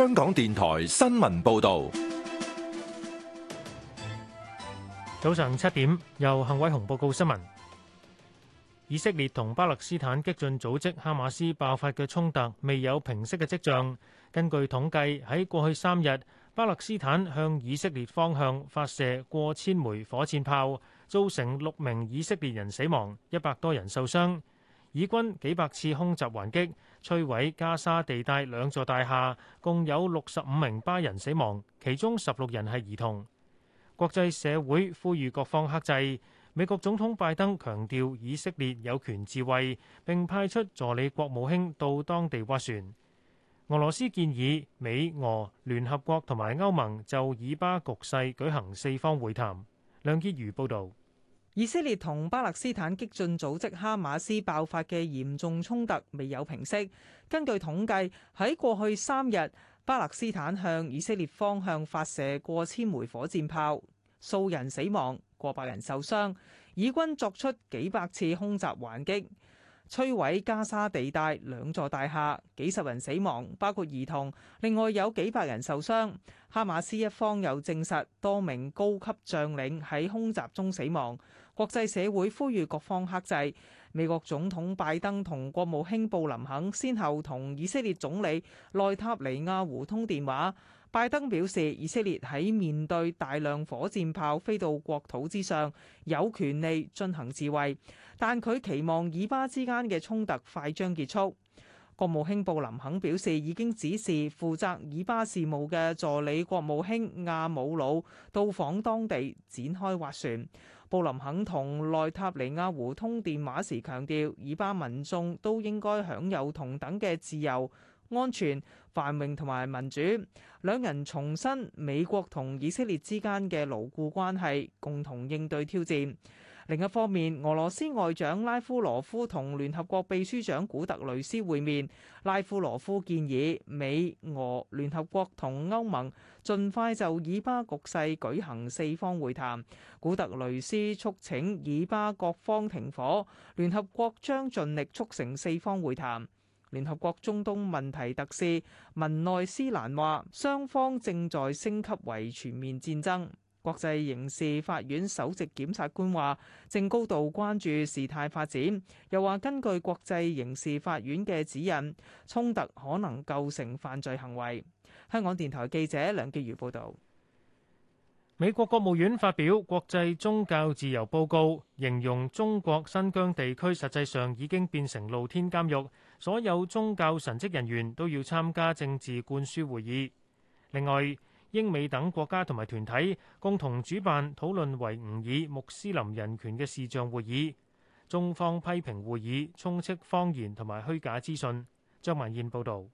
香港電台新聞報道，早上七點由幸偉雄報告新聞。以色列同巴勒斯坦激進組織哈馬斯爆發嘅衝突未有平息嘅跡象。根據統計，喺過去三日，巴勒斯坦向以色列方向發射過千枚火箭炮，造成六名以色列人死亡，一百多人受傷。以軍幾百次空襲還擊。摧毀加沙地帶兩座大廈共有六十五名巴人死亡，其中十六人係兒童。國際社會呼籲各方克制。美國總統拜登強調以色列有權自衛，並派出助理國務卿到當地斡旋。俄羅斯建議美俄聯合國同埋歐盟就以巴局勢舉行四方會談。梁潔如報道。以色列同巴勒斯坦激進組織哈馬斯爆發嘅嚴重衝突未有平息。根據統計，喺過去三日，巴勒斯坦向以色列方向發射過千枚火箭炮，數人死亡，過百人受傷。以軍作出幾百次空襲還擊，摧毀加沙地帶兩座大廈，幾十人死亡，包括兒童，另外有幾百人受傷。哈馬斯一方又證實多名高級將領喺空襲中死亡。國際社會呼籲各方克制。美國總統拜登同國務卿布林肯先後同以色列總理內塔尼亞胡通電話。拜登表示，以色列喺面對大量火箭炮飛到國土之上，有權利進行自衛，但佢期望以巴之間嘅衝突快將結束。國務卿布林肯表示，已經指示負責以巴事務嘅助理國務卿亞姆魯到訪當地，展開斡旋。布林肯同內塔尼亞胡通電話時強調，以巴民眾都應該享有同等嘅自由、安全、繁榮同埋民主。兩人重申美國同以色列之間嘅牢固關係，共同應對挑戰。另一方面，俄羅斯外長拉夫羅夫同聯合國秘書長古特雷斯會面。拉夫羅夫建議美俄聯合國同歐盟盡快就以巴局勢舉行四方會談。古特雷斯促請以巴各方停火，聯合國將盡力促成四方會談。聯合國中東問題特使文內斯蘭話：雙方正在升級為全面戰爭。國際刑事法院首席檢察官話：正高度關注事態發展，又話根據國際刑事法院嘅指引，衝突可能構成犯罪行為。香港電台記者梁健如報導。美國國務院發表《國際宗教自由報告》，形容中國新疆地區實際上已經變成露天監獄，所有宗教神職人員都要參加政治灌輸會議。另外，英美等國家同埋團體共同主辦討論維吾爾穆斯林人權嘅視像會議，中方批評會議充斥謊言同埋虛假資訊。張文燕報導。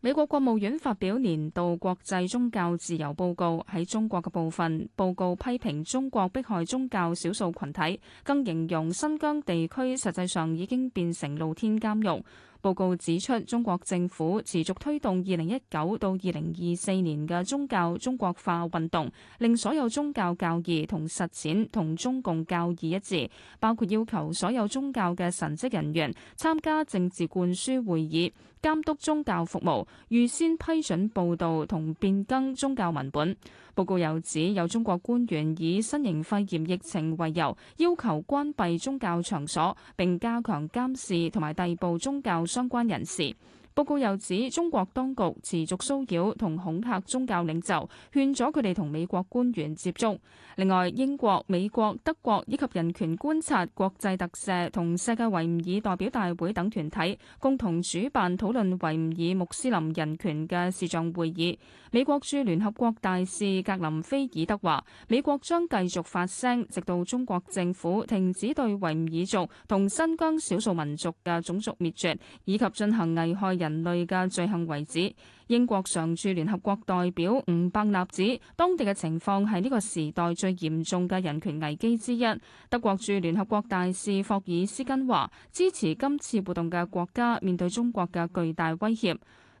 美國國務院發表年度國際宗教自由報告，喺中國嘅部分報告批評中國迫害宗教少數群體，更形容新疆地區實際上已經變成露天監獄。報告指出，中國政府持續推動二零一九到二零二四年嘅宗教中國化運動，令所有宗教教義同實踐同中共教義一致，包括要求所有宗教嘅神職人員參加政治灌輸會議、監督宗教服務、預先批准報道同變更宗教文本。報告又指，有中國官員以新型肺炎疫情為由，要求關閉宗教場所，並加強監視同埋逮捕宗教。相關人士。報告又指，中國當局持續騷擾同恐嚇宗教領袖，勸阻佢哋同美國官員接觸。另外，英國、美國、德國以及人權觀察、國際特赦同世界維吾爾代表大會等團體共同主辦討論維吾爾穆，穆斯林人權嘅視像會議。美國駐聯合國大使格林菲爾德話：美國將繼續發聲，直到中國政府停止對維吾爾族同新疆少數民族嘅種族滅絕，以及進行危害人人類嘅罪行為止。英國常駐聯合國代表伍伯納指，當地嘅情況係呢個時代最嚴重嘅人權危機之一。德國駐聯合國大使霍爾斯根話，支持今次活動嘅國家面對中國嘅巨大威脅。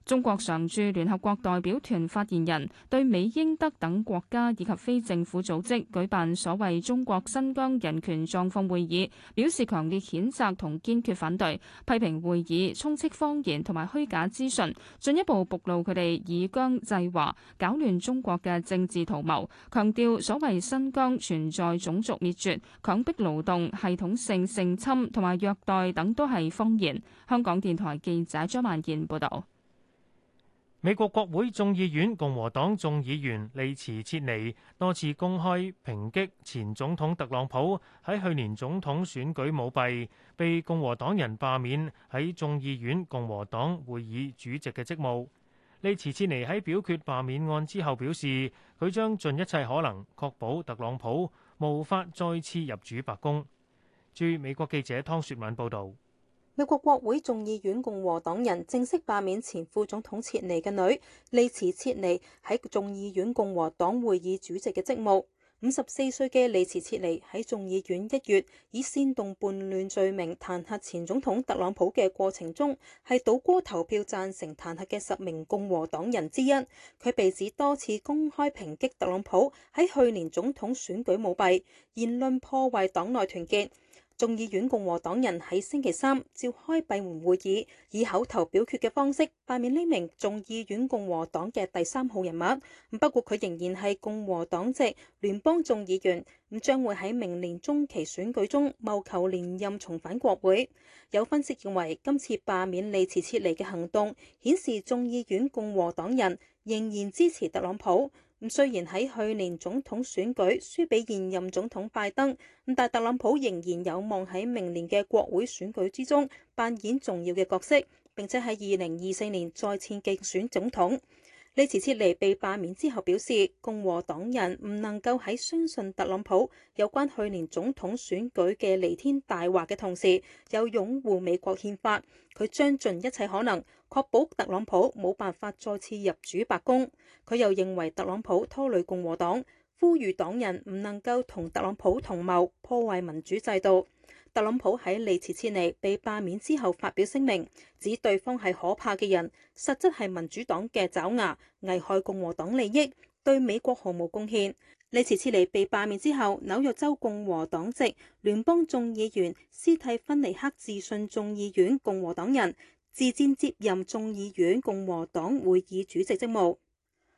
中國常駐聯合國代表團發言人對美、英、德等國家以及非政府組織舉辦所謂中國新疆人權狀況會議，表示強烈譴責同堅決反對，批評會議充斥謊言同埋虛假資訊，進一步暴露佢哋以疆制華、搞亂中國嘅政治圖謀。強調所謂新疆存在種族滅絕、強迫勞動、系統性性侵同埋虐待等，都係謊言。香港電台記者張萬健報道。美國國會眾議院共和黨眾議員利茲切尼多次公開抨擊前總統特朗普喺去年總統選舉舞弊，被共和黨人罷免喺眾議院共和黨會議主席嘅職務。利茲切尼喺表決罷免案之後表示，佢將盡一切可能確保特朗普無法再次入主白宮。駐美國記者湯雪敏報導。美國國會眾議院共和黨人正式罷免前副總統切尼嘅女利茲切尼喺眾議院共和黨會議主席嘅職務。五十四歲嘅利茲切尼喺眾議院一月以煽動叛亂罪名彈劾前總統特朗普嘅過程中，係倒戈投票贊成彈劾嘅十名共和黨人之一。佢被指多次公開抨擊特朗普喺去年總統選舉舞弊，言論破壞黨內團結。眾議院共和黨人喺星期三召開閉門會議，以口頭表決嘅方式罷免呢名眾議院共和黨嘅第三號人物。不過佢仍然係共和黨籍聯邦眾議員，咁將會喺明年中期選舉中謀求連任重返國會。有分析認為，今次罷免利茲切尼嘅行動顯示眾議院共和黨人仍然支持特朗普。咁雖然喺去年總統選舉輸俾現任總統拜登，但特朗普仍然有望喺明年嘅國會選舉之中扮演重要嘅角色，並且喺二零二四年再次競選總統。呢次撤離被罷免之後表示，共和黨人唔能夠喺相信特朗普有關去年總統選舉嘅彌天大話嘅同時又擁護美國憲法。佢將盡一切可能確保特朗普冇辦法再次入主白宮，佢又認為特朗普拖累共和黨，呼籲黨人唔能夠同特朗普同謀破壞民主制度。特朗普喺利茲切尼被罷免之後發表聲明，指對方係可怕嘅人，實質係民主黨嘅爪牙，危害共和黨利益，對美國毫無貢獻。利茲切尼被罷免之後紐約州共和黨籍聯邦眾議員斯蒂芬尼克致信眾議院共和黨人，自薦接任眾議院共和黨會議主席職務，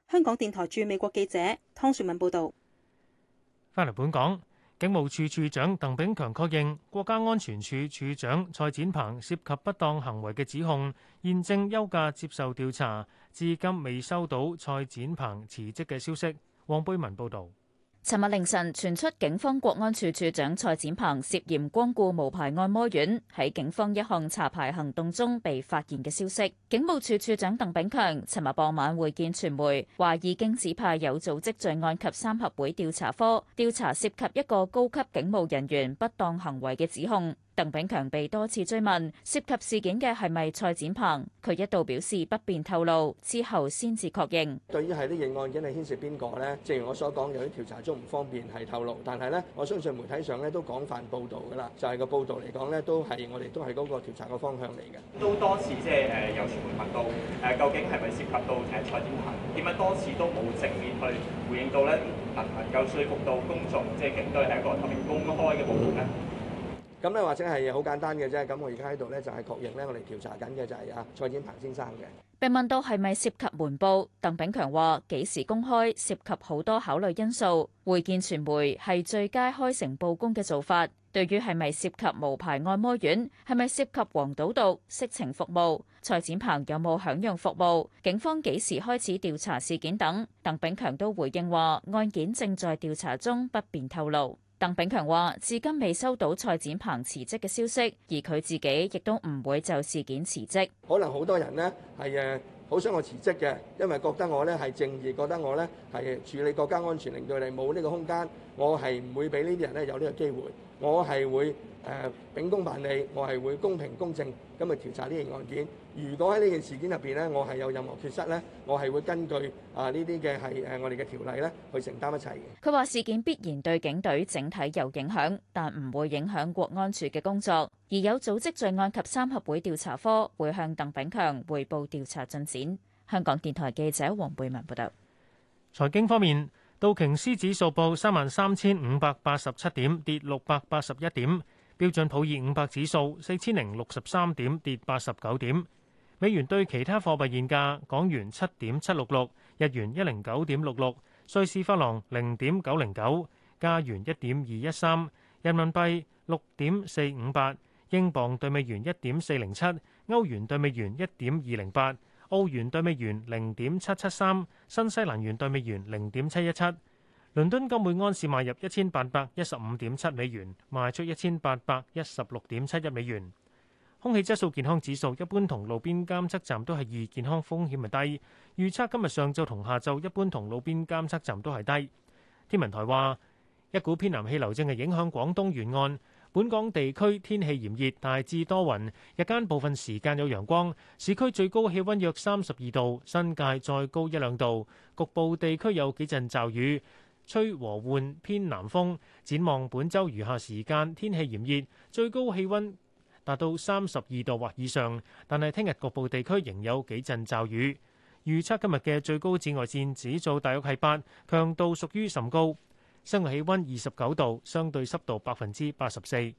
香港電台駐美國記者湯雪敏報道。翻嚟本港。警務處處長鄧炳強確認國家安全處處長蔡展鵬涉及不當行為嘅指控，現正休假接受調查，至今未收到蔡展鵬辭職嘅消息。黃貝文報道。尋日凌晨傳出警方國安處處長蔡展鵬涉嫌光顧無牌按摩院，喺警方一項查牌行動中被發現嘅消息。警務處處長鄧炳強尋日傍晚會見傳媒，話已經指派有組織罪案及三合會調查科調查涉及一個高級警務人員不當行為嘅指控。鄧炳強被多次追問涉及事件嘅係咪蔡展鵬，佢一度表示不便透露，之後先至確認。對於係呢件案件係牽涉邊個咧，正如我所講，有啲調查中唔方便係透露，但係咧我相信媒體上咧都廣泛報導㗎啦。就係個報導嚟講咧，都係我哋都係嗰個調查個方向嚟嘅。都多次即係誒有傳媒問到誒究竟係咪涉及到誒蔡展鵬？點解多次都冇正面去回應到咧？能唔能夠說服到公眾，即係警隊係一個透明公開嘅報導咧？咁咧或者係好簡單嘅啫，咁我而家喺度咧就係確認咧，我哋調查緊嘅就係啊蔡展鵬先生嘅。被問到係咪涉及瞞報，鄧炳強話幾時公開涉及好多考慮因素，會見傳媒係最佳開誠佈公嘅做法。對於係咪涉及無牌按摩院，係咪涉及黃賭毒色情服務，蔡展鵬有冇享用服務，警方幾時開始調查事件等，鄧炳強都回應話案件正在調查中，不便透露。鄧炳強話，至今未收到蔡展鵬辭職嘅消息，而佢自己亦都唔會就事件辭職。可能好多人呢係誒，好想我辭職嘅，因為覺得我咧係正義，覺得我咧係處理國家安全，令到你冇呢個空間，我係唔會俾呢啲人咧有呢個機會。我係會誒秉公辦理，我係會公平公正咁去調查呢件案件。如果喺呢件事件入邊呢，我係有任何缺失呢，我係會根據啊呢啲嘅係誒我哋嘅條例呢去承擔一切嘅。佢話事件必然對警隊整體有影響，但唔會影響國安處嘅工作。而有組織罪案及三合會調查科會向鄧炳強彙報調查進展。香港電台記者黃貝文報道。財經方面。道瓊斯指數報三萬三千五百八十七點，跌六百八十一點；標準普爾五百指數四千零六十三點，跌八十九點。美元對其他貨幣現價：港元七點七六六，日元一零九點六六，瑞士法郎零點九零九，加元一點二一三，人民幣六點四五八，英鎊對美元一點四零七，歐元對美元一點二零八。澳元兌美元零點七七三，新西蘭元兌美元零點七一七。倫敦金每盎司賣入一千八百一十五點七美元，賣出一千八百一十六點七一美元。空氣質素健康指數一般同路邊監測站都係二，健康風險係低，預測今日上晝同下晝一般同路邊監測站都係低。天文台話，一股偏南氣流正係影響廣東沿岸。本港地區天氣炎熱，大致多雲，日間部分時間有陽光。市區最高氣溫約三十二度，新界再高一兩度。局部地區有幾陣驟雨，吹和緩偏南風。展望本週餘下時間，天氣炎熱，最高氣溫達到三十二度或以上。但係聽日局部地區仍有幾陣驟雨。預測今日嘅最高紫外線指數大約係八，強度屬於甚高。室外氣溫二十九度，相對濕度百分之八十四。